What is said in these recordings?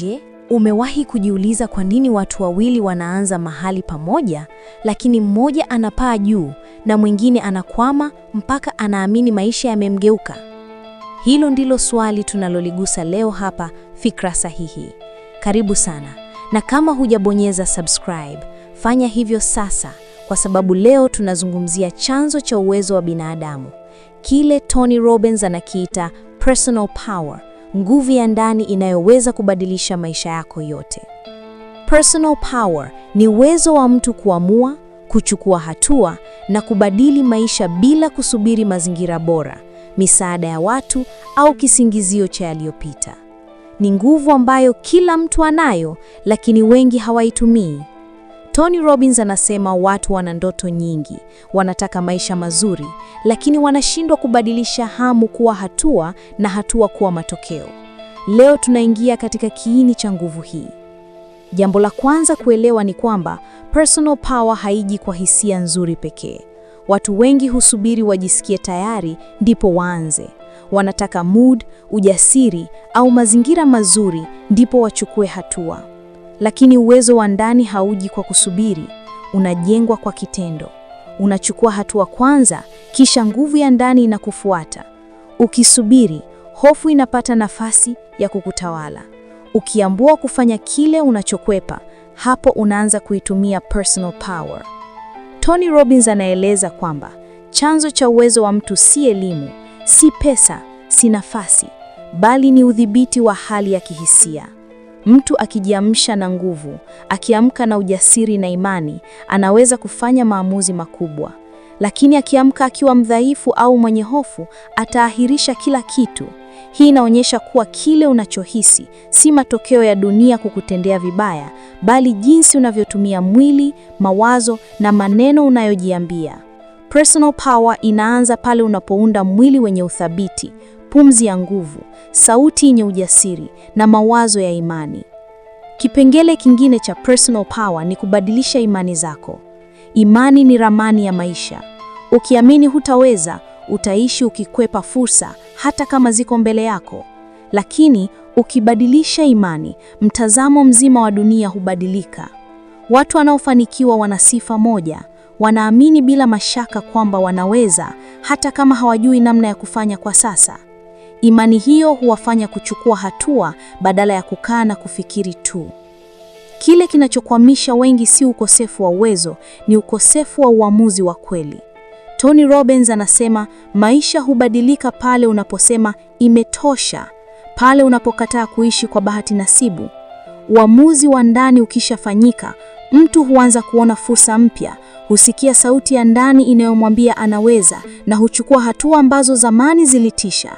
Je, umewahi kujiuliza kwa nini watu wawili wanaanza mahali pamoja, lakini mmoja anapaa juu na mwingine anakwama mpaka anaamini maisha yamemgeuka? Hilo ndilo swali tunaloligusa leo hapa Fikra Sahihi. Karibu sana, na kama hujabonyeza subscribe, fanya hivyo sasa, kwa sababu leo tunazungumzia chanzo cha uwezo wa binadamu, kile Tony Robbins anakiita personal power nguvu ya ndani inayoweza kubadilisha maisha yako yote. Personal power ni uwezo wa mtu kuamua, kuchukua hatua na kubadili maisha bila kusubiri mazingira bora, misaada ya watu au kisingizio cha yaliyopita. Ni nguvu ambayo kila mtu anayo, lakini wengi hawaitumii. Tony Robbins anasema watu wana ndoto nyingi, wanataka maisha mazuri, lakini wanashindwa kubadilisha hamu kuwa hatua na hatua kuwa matokeo. Leo tunaingia katika kiini cha nguvu hii. Jambo la kwanza kuelewa ni kwamba personal power haiji kwa hisia nzuri pekee. Watu wengi husubiri wajisikie tayari ndipo waanze. Wanataka mood, ujasiri au mazingira mazuri ndipo wachukue hatua. Lakini uwezo wa ndani hauji kwa kusubiri, unajengwa kwa kitendo. Unachukua hatua kwanza, kisha nguvu ya ndani inakufuata. Ukisubiri, hofu inapata nafasi ya kukutawala. Ukiambua kufanya kile unachokwepa, hapo unaanza kuitumia personal power. Tony Robbins anaeleza kwamba chanzo cha uwezo wa mtu si elimu, si pesa, si nafasi, bali ni udhibiti wa hali ya kihisia. Mtu akijiamsha na nguvu, akiamka na ujasiri na imani, anaweza kufanya maamuzi makubwa. Lakini akiamka akiwa mdhaifu au mwenye hofu, ataahirisha kila kitu. Hii inaonyesha kuwa kile unachohisi si matokeo ya dunia kukutendea vibaya, bali jinsi unavyotumia mwili, mawazo na maneno unayojiambia. Personal power inaanza pale unapounda mwili wenye uthabiti, pumzi ya nguvu, sauti yenye ujasiri na mawazo ya imani. Kipengele kingine cha personal power ni kubadilisha imani zako. Imani ni ramani ya maisha. Ukiamini hutaweza, utaishi ukikwepa fursa hata kama ziko mbele yako. Lakini ukibadilisha imani, mtazamo mzima wa dunia hubadilika. Watu wanaofanikiwa wana sifa moja, wanaamini bila mashaka kwamba wanaweza hata kama hawajui namna ya kufanya kwa sasa. Imani hiyo huwafanya kuchukua hatua badala ya kukaa na kufikiri tu. Kile kinachokwamisha wengi si ukosefu wa uwezo, ni ukosefu wa uamuzi wa kweli. Tony Robbins anasema maisha hubadilika pale unaposema imetosha, pale unapokataa kuishi kwa bahati nasibu. Uamuzi wa ndani ukishafanyika, mtu huanza kuona fursa mpya, husikia sauti ya ndani inayomwambia anaweza, na huchukua hatua ambazo zamani zilitisha.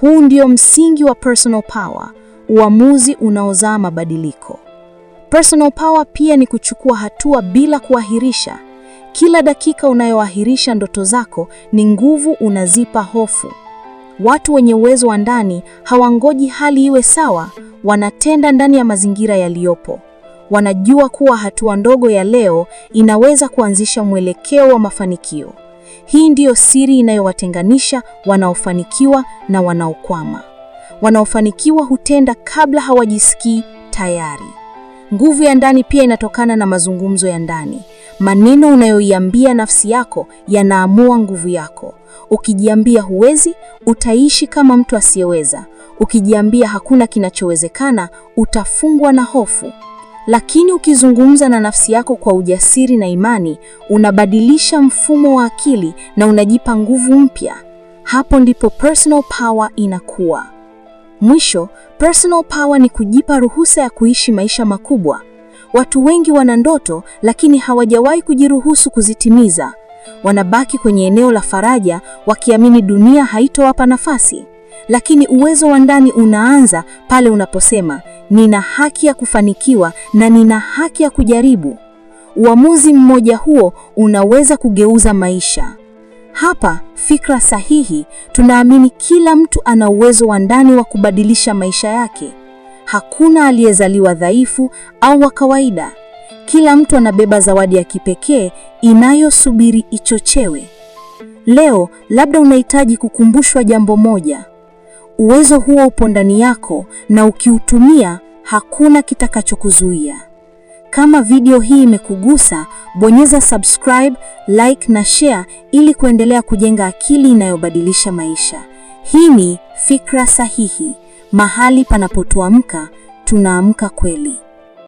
Huu ndio msingi wa personal power, uamuzi unaozaa mabadiliko. Personal power pia ni kuchukua hatua bila kuahirisha. Kila dakika unayoahirisha ndoto zako ni nguvu unazipa hofu. Watu wenye uwezo wa ndani hawangoji hali iwe sawa, wanatenda ndani ya mazingira yaliyopo. Wanajua kuwa hatua ndogo ya leo inaweza kuanzisha mwelekeo wa mafanikio. Hii ndiyo siri inayowatenganisha wanaofanikiwa na wanaokwama. Wanaofanikiwa hutenda kabla hawajisikii tayari. Nguvu ya ndani pia inatokana na mazungumzo ya ndani. Maneno unayoiambia nafsi yako yanaamua nguvu yako. Ukijiambia huwezi, utaishi kama mtu asiyeweza. Ukijiambia hakuna kinachowezekana, utafungwa na hofu. Lakini ukizungumza na nafsi yako kwa ujasiri na imani, unabadilisha mfumo wa akili na unajipa nguvu mpya. Hapo ndipo personal power inakuwa. Mwisho, personal power ni kujipa ruhusa ya kuishi maisha makubwa. Watu wengi wana ndoto lakini hawajawahi kujiruhusu kuzitimiza. Wanabaki kwenye eneo la faraja wakiamini dunia haitowapa nafasi lakini uwezo wa ndani unaanza pale unaposema nina haki ya kufanikiwa na nina haki ya kujaribu. Uamuzi mmoja huo unaweza kugeuza maisha. Hapa Fikra Sahihi tunaamini kila mtu ana uwezo wa ndani wa kubadilisha maisha yake. Hakuna aliyezaliwa dhaifu au wa kawaida. Kila mtu anabeba zawadi ya kipekee inayosubiri ichochewe. Leo labda unahitaji kukumbushwa jambo moja. Uwezo huo upo ndani yako na ukiutumia hakuna kitakachokuzuia. Kama video hii imekugusa, bonyeza subscribe, like na share ili kuendelea kujenga akili inayobadilisha maisha. Hii ni Fikra Sahihi, mahali panapotuamka tunaamka kweli.